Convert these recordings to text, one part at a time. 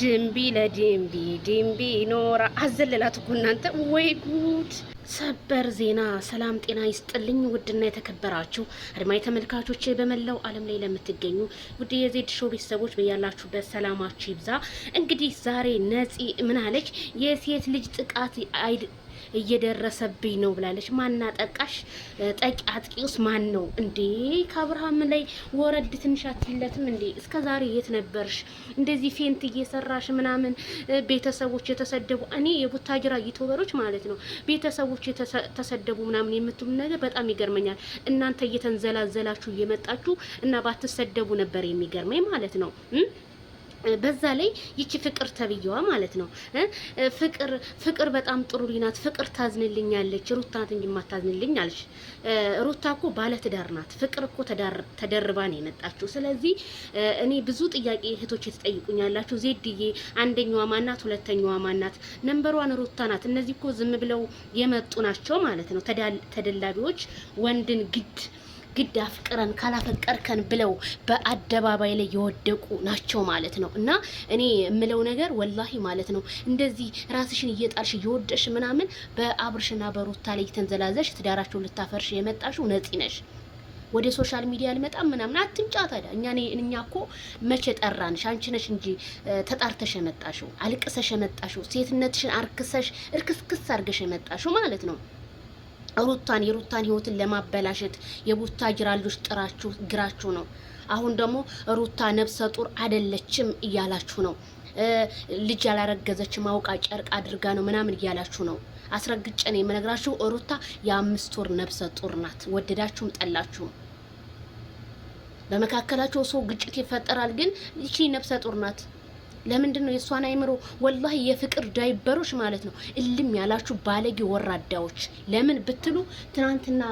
ድንቢ ለድንቢ ድንቢ ኖራ አዘለላት እኮ እናንተ። ወይ ጉድ! ሰበር ዜና። ሰላም ጤና ይስጥልኝ። ውድና የተከበራችሁ አድማጭ ተመልካቾች በመላው ዓለም ላይ ለምትገኙ ውድ የዜድ ሾው ቤተሰቦች በያላችሁበት ሰላማችሁ ይብዛ። እንግዲህ ዛሬ ነፂ ምን አለች? የሴት ልጅ ጥቃት እየደረሰብኝ ነው ብላለች። ማና ጠቃሽ ጠቂ አጥቂውስ ማን ነው እንዴ? ከአብርሃም ላይ ወረድ ትንሽ አትለትም እንዴ? እስከ ዛሬ የት ነበርሽ? እንደዚህ ፌንት እየሰራሽ ምናምን ቤተሰቦች የተሰደቡ እኔ የቡታጅራ ዩቱበሮች ማለት ነው ቤተሰቦች የተሰደቡ ምናምን የምትሉ ነገር በጣም ይገርመኛል። እናንተ እየተንዘላዘላችሁ እየመጣችሁ እና ባትሰደቡ ነበር የሚገርመኝ ማለት ነው። በዛ ላይ ይቺ ፍቅር ተብየዋ ማለት ነው። ፍቅር ፍቅር በጣም ጥሩ ናት። ፍቅር ታዝንልኛለች፣ ሩታ ናት እንጂ ማታዝንልኝ አለች። ሩታ እኮ ባለ ናት። ፍቅር እኮ ተደርባ ነው የመጣችው። ስለዚህ እኔ ብዙ ጥያቄ እህቶች የተጠይቁኛላችሁ። ዜድዬ አንደኛዋ ማናት? ሁለተኛዋ ማናት? ነንበሯን ሩታ ናት። እነዚህ እኮ ዝም ብለው የመጡ ናቸው ማለት ነው። ተደላቢዎች ወንድን ግድ ግድ አፍቅረን ካላፈቀርከን ብለው በአደባባይ ላይ የወደቁ ናቸው ማለት ነው። እና እኔ የምለው ነገር ወላሂ ማለት ነው እንደዚህ ራስሽን እየጣልሽ እየወደሽ ምናምን በአብርሽና በሩታ ላይ ተንዘላዘሽ ትዳራቸው ልታፈርሽ የመጣሽው ነፂ ነሽ። ወደ ሶሻል ሚዲያ አልመጣም ምናምን አትምጫ ታዲያ። እኛ እኛ እኮ መቼ ጠራንሽ? አንቺ ነሽ እንጂ ተጣርተሽ የመጣሽው አልቅሰሽ የመጣሽው ሴትነትሽን አርክሰሽ እርክስክስ አርገሽ የመጣሽው ማለት ነው። ሩታን የሩታን ህይወትን ለማበላሸት የቡታ ጅራሎች ጥራችሁ ግራችሁ ነው። አሁን ደግሞ ሩታ ነብሰ ጡር አይደለችም እያላችሁ ነው። ልጅ ያላረገዘች ማውቃ ጨርቅ አድርጋ ነው ምናምን እያላችሁ ነው። አስረግጬ ነው የምነግራችሁ፣ ሩታ የአምስት ወር ነብሰ ጡር ናት። ወደዳችሁም ጠላችሁም በመካከላቸው ሰው ግጭት ይፈጠራል። ግን ይቺ ነብሰ ጡር ናት። ለምንድን ነው የእሷን አይምሮ ወላሂ የፍቅር ዳይበሮች ማለት ነው እልም ያላችሁ ባለጌ ወራዳዎች ለምን ብትሉ ትናንትና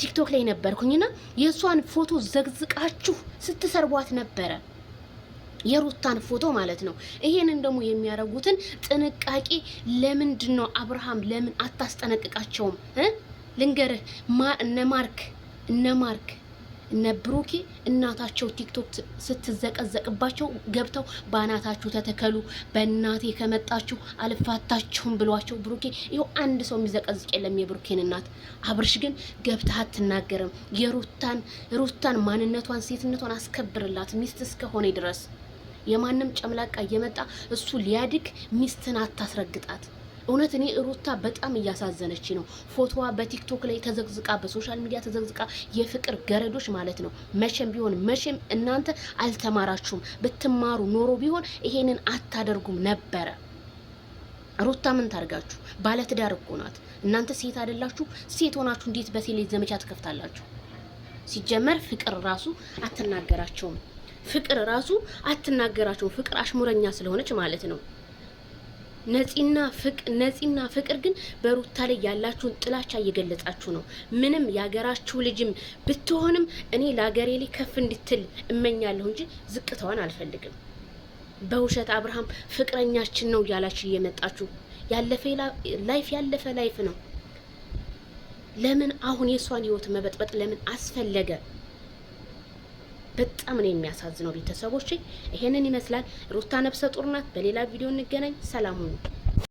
ቲክቶክ ላይ ነበርኩኝና የእሷን ፎቶ ዘግዝቃችሁ ስትሰርቧት ነበረ የሩታን ፎቶ ማለት ነው። ይሄንን ደግሞ የሚያደርጉትን ጥንቃቄ ለምንድን ነው አብርሃም ለምን አታስጠነቅቃቸውም? ልንገርህ እነ ማርክ እነ ማርክ እነ እናታቸው ቲክቶክ ስትዘቀዘቅባቸው ገብተው በአናታችሁ ተተከሉ፣ በእናቴ ከመጣችሁ አልፋታችሁም ብሏቸው ብሩኬ ይኸው አንድ ሰው የሚዘቀዝቅ የለም የብሩኬን እናት። አብርሽ ግን ገብተህ አትናገርም። የሩታን ሩታን ማንነቷን ሴትነቷን አስከብርላት ሚስት እስከሆነ ድረስ የማንም ጨምላቃ እየመጣ እሱ ሊያድግ ሚስትን አታስረግጣት። እውነት እኔ ሩታ በጣም እያሳዘነች ነው። ፎቶዋ በቲክቶክ ላይ ተዘግዝቃ፣ በሶሻል ሚዲያ ተዘግዝቃ የፍቅር ገረዶች ማለት ነው። መቼም ቢሆን መቼም እናንተ አልተማራችሁም። ብትማሩ ኖሮ ቢሆን ይሄንን አታደርጉም ነበረ። ሩታ ምን ታርጋችሁ? ባለትዳር እኮ ናት። እናንተ ሴት አይደላችሁ? ሴት ሆናችሁ እንዴት በሴሌ ዘመቻ ትከፍታላችሁ? ሲጀመር ፍቅር ራሱ አትናገራቸውም። ፍቅር ራሱ አትናገራቸውም። ፍቅር አሽሙረኛ ስለሆነች ማለት ነው። ነፂና ፍቅር ነፂና ፍቅር ግን በሩታ ላይ ያላችሁን ጥላቻ እየገለጻችሁ ነው። ምንም የሀገራችሁ ልጅም ብትሆንም እኔ ለሀገሬ ላይ ከፍ እንድትል እመኛለሁ እንጂ ዝቅታዋን አልፈልግም። በውሸት አብርሃም ፍቅረኛችን ነው እያላችሁ እየመጣችሁ ያለፈ ላይፍ ያለፈ ላይፍ ነው። ለምን አሁን የእሷን ህይወት መበጥበጥ ለምን አስፈለገ? በጣም ነው የሚያሳዝነው። ቤተሰቦች ይሄንን ይመስላል። ሩታ ነብሰ ጡር ናት። በሌላ ቪዲዮ እንገናኝ። ሰላሙን